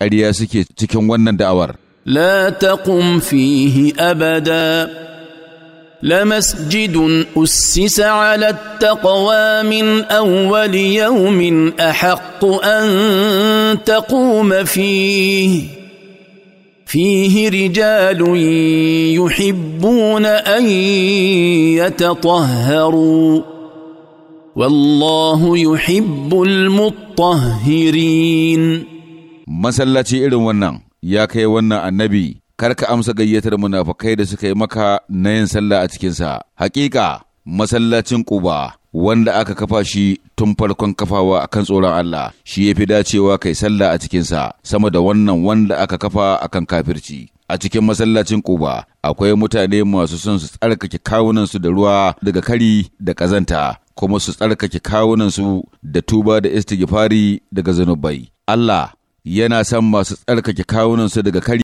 ƙarya suke cikin wannan da'awar. لا تقم فيه ابدا لمسجد اسس على التقوى من اول يوم احق ان تقوم فيه فيه رجال يحبون ان يتطهروا والله يحب المطهرين masallaci irin wannan ya kai wannan annabi kar ka amsa gayyatar munafakai da suka yi maka na yin sallah a cikinsa hakika masallacin ƙuba wanda aka kafa shi tun farkon kafawa a kan tsoron Allah shi ya fi dacewa kai sallah a cikinsa sama da wannan wanda aka kafa a kan kafirci a cikin masallacin ƙuba akwai mutane masu son su tsarkake kawunansu da ruwa daga kari da ƙazanta kuma su tsarkake kawunansu da tuba da istighfari daga zunubai. Allah yana son masu tsarkake kawunansu daga kari.